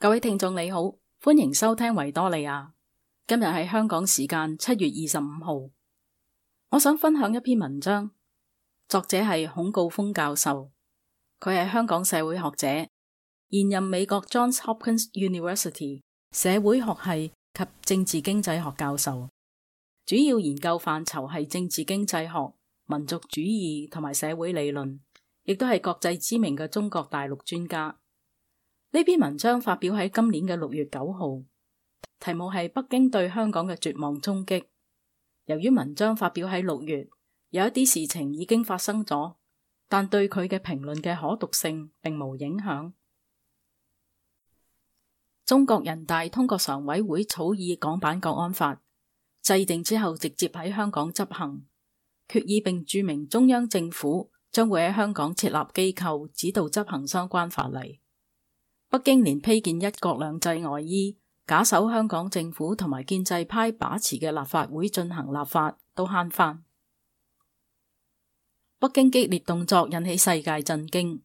各位聽眾你好，歡迎收聽維多利亞。今日係香港時間七月二十五號，我想分享一篇文章，作者係孔誥烽教授，佢係香港社會學者，現任美國 Johns Hopkins University 社會學系及政治經濟學教授，主要研究範疇係政治經濟學、民族主義同埋社會理論，亦都係國際知名嘅中國大陸專家。呢篇文章發表喺今年嘅六月九號，題目係《北京對香港嘅絕望衝擊》。由於文章發表喺六月，有一啲事情已經發生咗，但對佢嘅評論嘅可讀性並冇影響。中國人大通過常委會草擬《港版國安法》，制定之後直接喺香港執行，決議並注明中央政府將會喺香港設立機構指導執行相關法例。北京連披件一國兩制外衣，假手香港政府同埋建制派把持嘅立法會進行立法都慳翻。北京激烈動作引起世界震驚，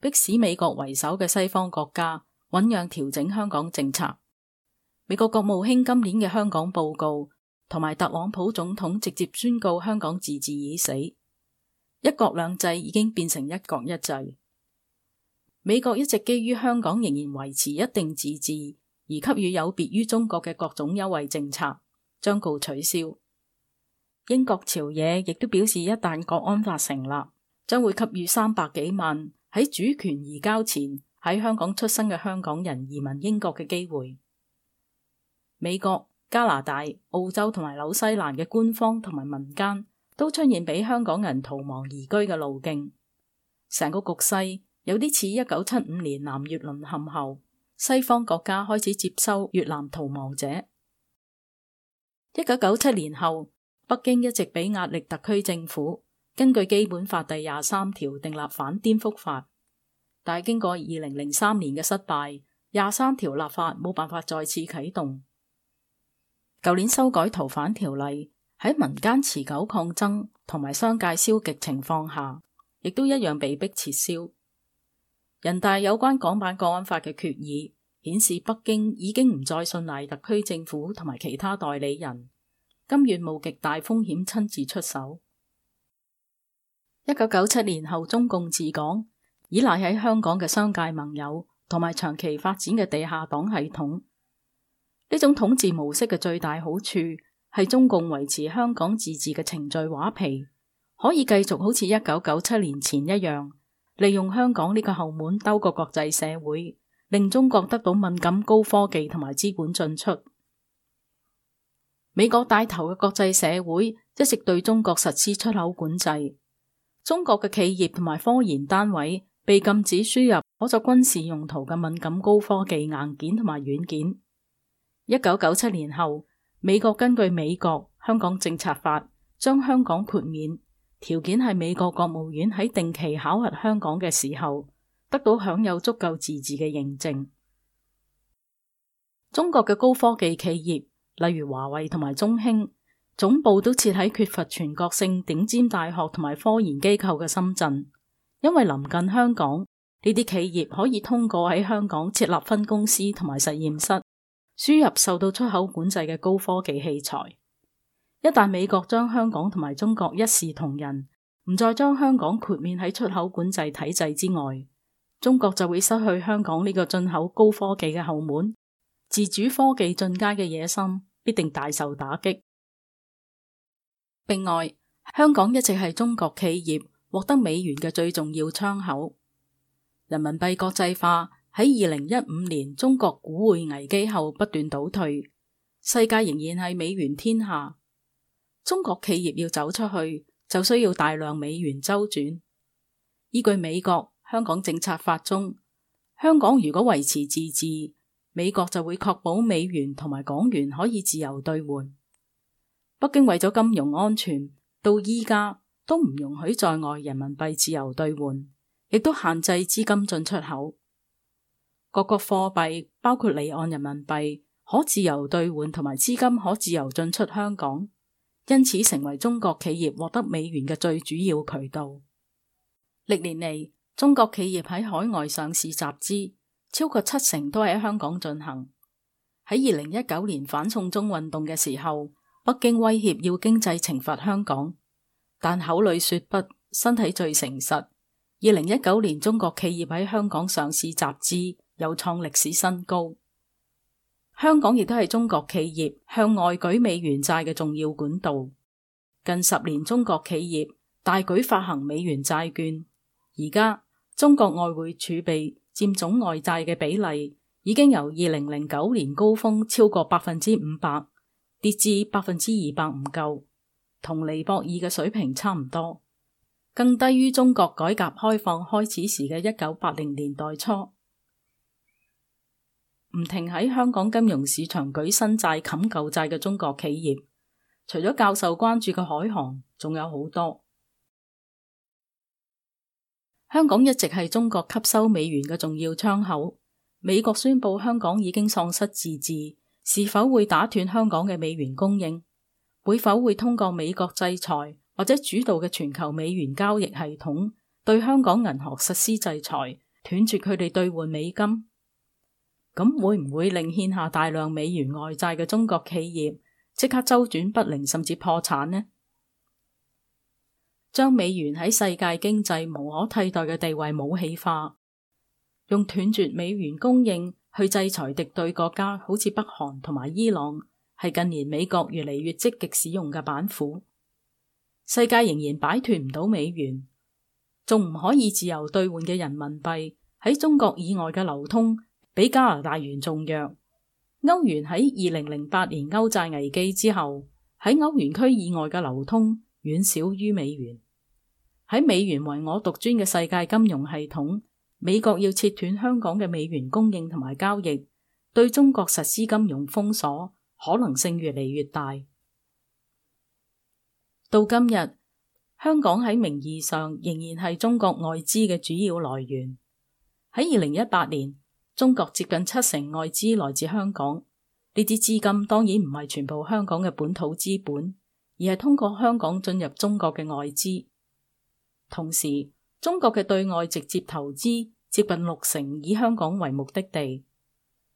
迫使美國為首嘅西方國家醞釀調整香港政策。美國國務卿今年嘅香港報告同埋特朗普總統直接宣告香港自治已死，一國兩制已經變成一國一制。美國一直基於香港仍然維持一定自治，而給予有別於中國嘅各種優惠政策，將告取消。英國朝野亦都表示，一旦國安法成立，將會給予三百幾萬喺主權移交前喺香港出生嘅香港人移民英國嘅機會。美國、加拿大、澳洲同埋紐西蘭嘅官方同埋民間都出現俾香港人逃亡移居嘅路徑，成個局勢。有啲似一九七五年南越淪陷後，西方國家開始接收越南逃亡者。一九九七年後，北京一直俾壓力，特區政府根據基本法第廿三條訂立反顛覆法，但係經過二零零三年嘅失敗，廿三條立法冇辦法再次啟動。舊年修改逃犯條例喺民間持久抗爭同埋商界消極情況下，亦都一樣被迫撤銷。人大有關港版國安法嘅決議顯示，北京已經唔再信賴特區政府同埋其他代理人，甘願冒極大風險親自出手。一九九七年後，中共治港依賴喺香港嘅商界盟友同埋長期發展嘅地下黨系統，呢種統治模式嘅最大好處係中共維持香港自治嘅程序畫皮，可以繼續好似一九九七年前一樣。利用香港呢個後門兜過國際社會，令中國得到敏感高科技同埋資本進出。美國帶頭嘅國際社會一直對中國實施出口管制，中國嘅企業同埋科研單位被禁止輸入可作軍事用途嘅敏感高科技硬件同埋軟件。一九九七年後，美國根據《美國香港政策法》將香港豁免。條件係，美國國務院喺定期考核香港嘅時候，得到享有足夠自治嘅認證。中國嘅高科技企業，例如華為同埋中興，總部都設喺缺乏全國性頂尖大學同埋科研機構嘅深圳，因為臨近香港，呢啲企業可以通過喺香港設立分公司同埋實驗室，輸入受到出口管制嘅高科技器材。一旦美國將香港同埋中國一視同仁，唔再將香港豁免喺出口管制體制之外，中國就會失去香港呢個進口高科技嘅後門，自主科技進階嘅野心必定大受打擊。另外，香港一直係中國企業獲得美元嘅最重要窗口，人民幣國際化喺二零一五年中國股匯危機後不斷倒退，世界仍然係美元天下。中國企業要走出去，就需要大量美元周轉。依據美國《香港政策法》中，香港如果維持自治，美國就會確保美元同埋港元可以自由兌換。北京為咗金融安全，到依家都唔容許在外人民幣自由兌換，亦都限制資金進出口。各國貨幣包括離岸人民幣可自由兌換，同埋資金可自由進出香港。因此，成為中國企業獲得美元嘅最主要渠道。歷年嚟，中國企業喺海外上市集資，超過七成都係喺香港進行。喺二零一九年反送中運動嘅時候，北京威脅要經濟懲罰香港，但口裏說不，身體最誠實。二零一九年，中國企業喺香港上市集資，又創歷史新高。香港亦都係中國企業向外舉美元債嘅重要管道。近十年，中國企業大舉發行美元債券，而家中國外匯儲備佔總外債嘅比例已經由二零零九年高峰超過百分之五百，跌至百分之二百唔夠，同尼泊爾嘅水平差唔多，更低於中國改革開放開始時嘅一九八零年代初。唔停喺香港金融市場舉新債、冚舊債嘅中國企業，除咗教授關注嘅海航，仲有好多。香港一直係中國吸收美元嘅重要窗口。美國宣布香港已經喪失自治，是否會打斷香港嘅美元供應？會否會通過美國制裁或者主導嘅全球美元交易系統對香港銀行實施制裁，斷絕佢哋兌換美金？咁會唔會令欠下大量美元外債嘅中國企業即刻周轉不靈，甚至破產呢？將美元喺世界經濟無可替代嘅地位武器化，用斷絕美元供應去制裁敵對國家，好似北韓同埋伊朗，係近年美國越嚟越積極使用嘅板斧。世界仍然擺脫唔到美元，仲唔可以自由兌換嘅人民幣喺中國以外嘅流通，比加拿大元仲弱。歐元喺二零零八年歐債危機之後，喺歐元區以外嘅流通遠少於美元。喺美元為我獨尊嘅世界金融系統，美國要切斷香港嘅美元供應同埋交易，對中國實施金融封鎖，可能性越嚟越大。到今日，香港喺名義上仍然係中國外資嘅主要來源。喺二零一八年。中國接近七成外資來自香港，呢啲資金當然唔係全部香港嘅本土資本，而係通過香港進入中國嘅外資。同時，中國嘅對外直接投資接近六成以香港為目的地，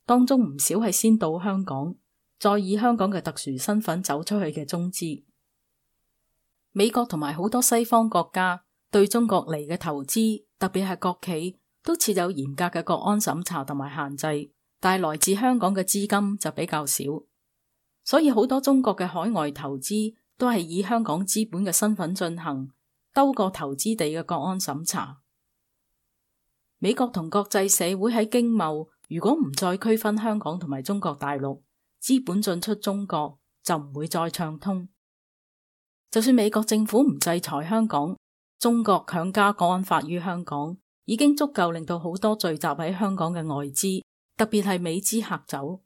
當中唔少係先到香港，再以香港嘅特殊身份走出去嘅中資。美國同埋好多西方國家對中國嚟嘅投資，特別係國企。都設有嚴格嘅國安審查同埋限制，但係來自香港嘅資金就比較少，所以好多中國嘅海外投資都係以香港資本嘅身份進行，兜過投資地嘅國安審查。美國同國際社會喺經貿，如果唔再區分香港同埋中國大陸，資本進出中國就唔會再暢通。就算美國政府唔制裁香港，中國強加國安法於香港，已經足夠令到好多聚集喺香港嘅外資，特別係美資嚇走。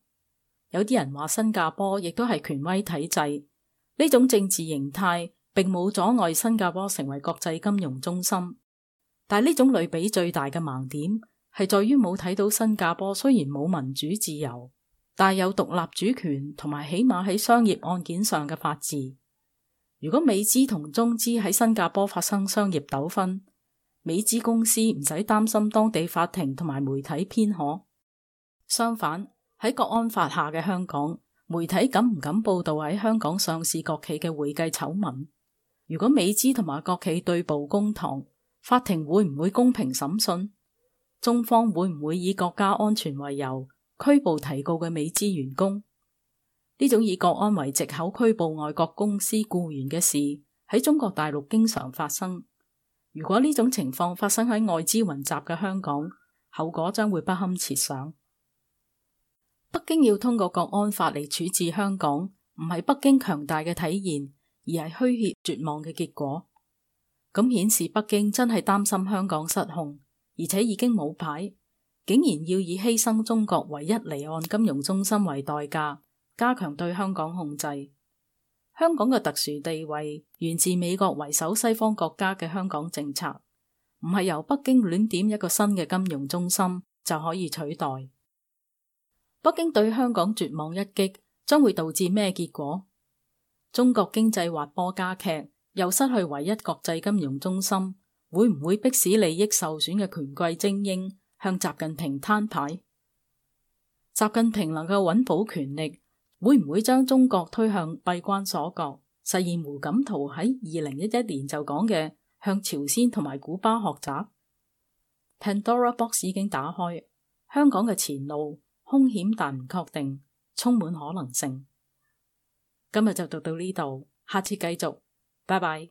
有啲人話新加坡亦都係權威體制，呢種政治形態並冇阻礙新加坡成為國際金融中心。但係呢種類比最大嘅盲點係在於冇睇到新加坡雖然冇民主自由，但有獨立主權同埋起碼喺商業案件上嘅法治。如果美資同中資喺新加坡發生商業糾紛，美資公司唔使擔心當地法庭同埋媒體偏頗。相反喺國安法下嘅香港，媒體敢唔敢報道喺香港上市國企嘅會計醜聞？如果美資同埋國企對簿公堂，法庭會唔會公平審訊？中方會唔會以國家安全為由拘捕提告嘅美資員工？呢種以國安為藉口拘捕外國公司僱員嘅事喺中國大陸經常發生。如果呢種情況發生喺外資雲集嘅香港，後果將會不堪設想。北京要通過國安法嚟處置香港，唔係北京強大嘅體現，而係虛弱絕望嘅結果。咁顯示北京真係擔心香港失控，而且已經冇牌，竟然要以犧牲中國唯一離岸金融中心為代價，加強對香港控制。香港嘅特殊地位源自美國為首西方國家嘅香港政策，唔係由北京亂點一個新嘅金融中心就可以取代。北京對香港絕望一擊，將會導致咩結果？中國經濟滑坡加劇，又失去唯一國際金融中心，會唔會迫使利益受損嘅權貴精英向習近平攤牌？習近平能夠穩保權力？會唔會將中國推向閉關鎖國？實現胡錦濤喺二零一一年就講嘅向朝鮮同埋古巴學習。Pandora box 已經打開，香港嘅前路凶險，但唔確定，充滿可能性。今日就讀到呢度，下次繼續，拜拜。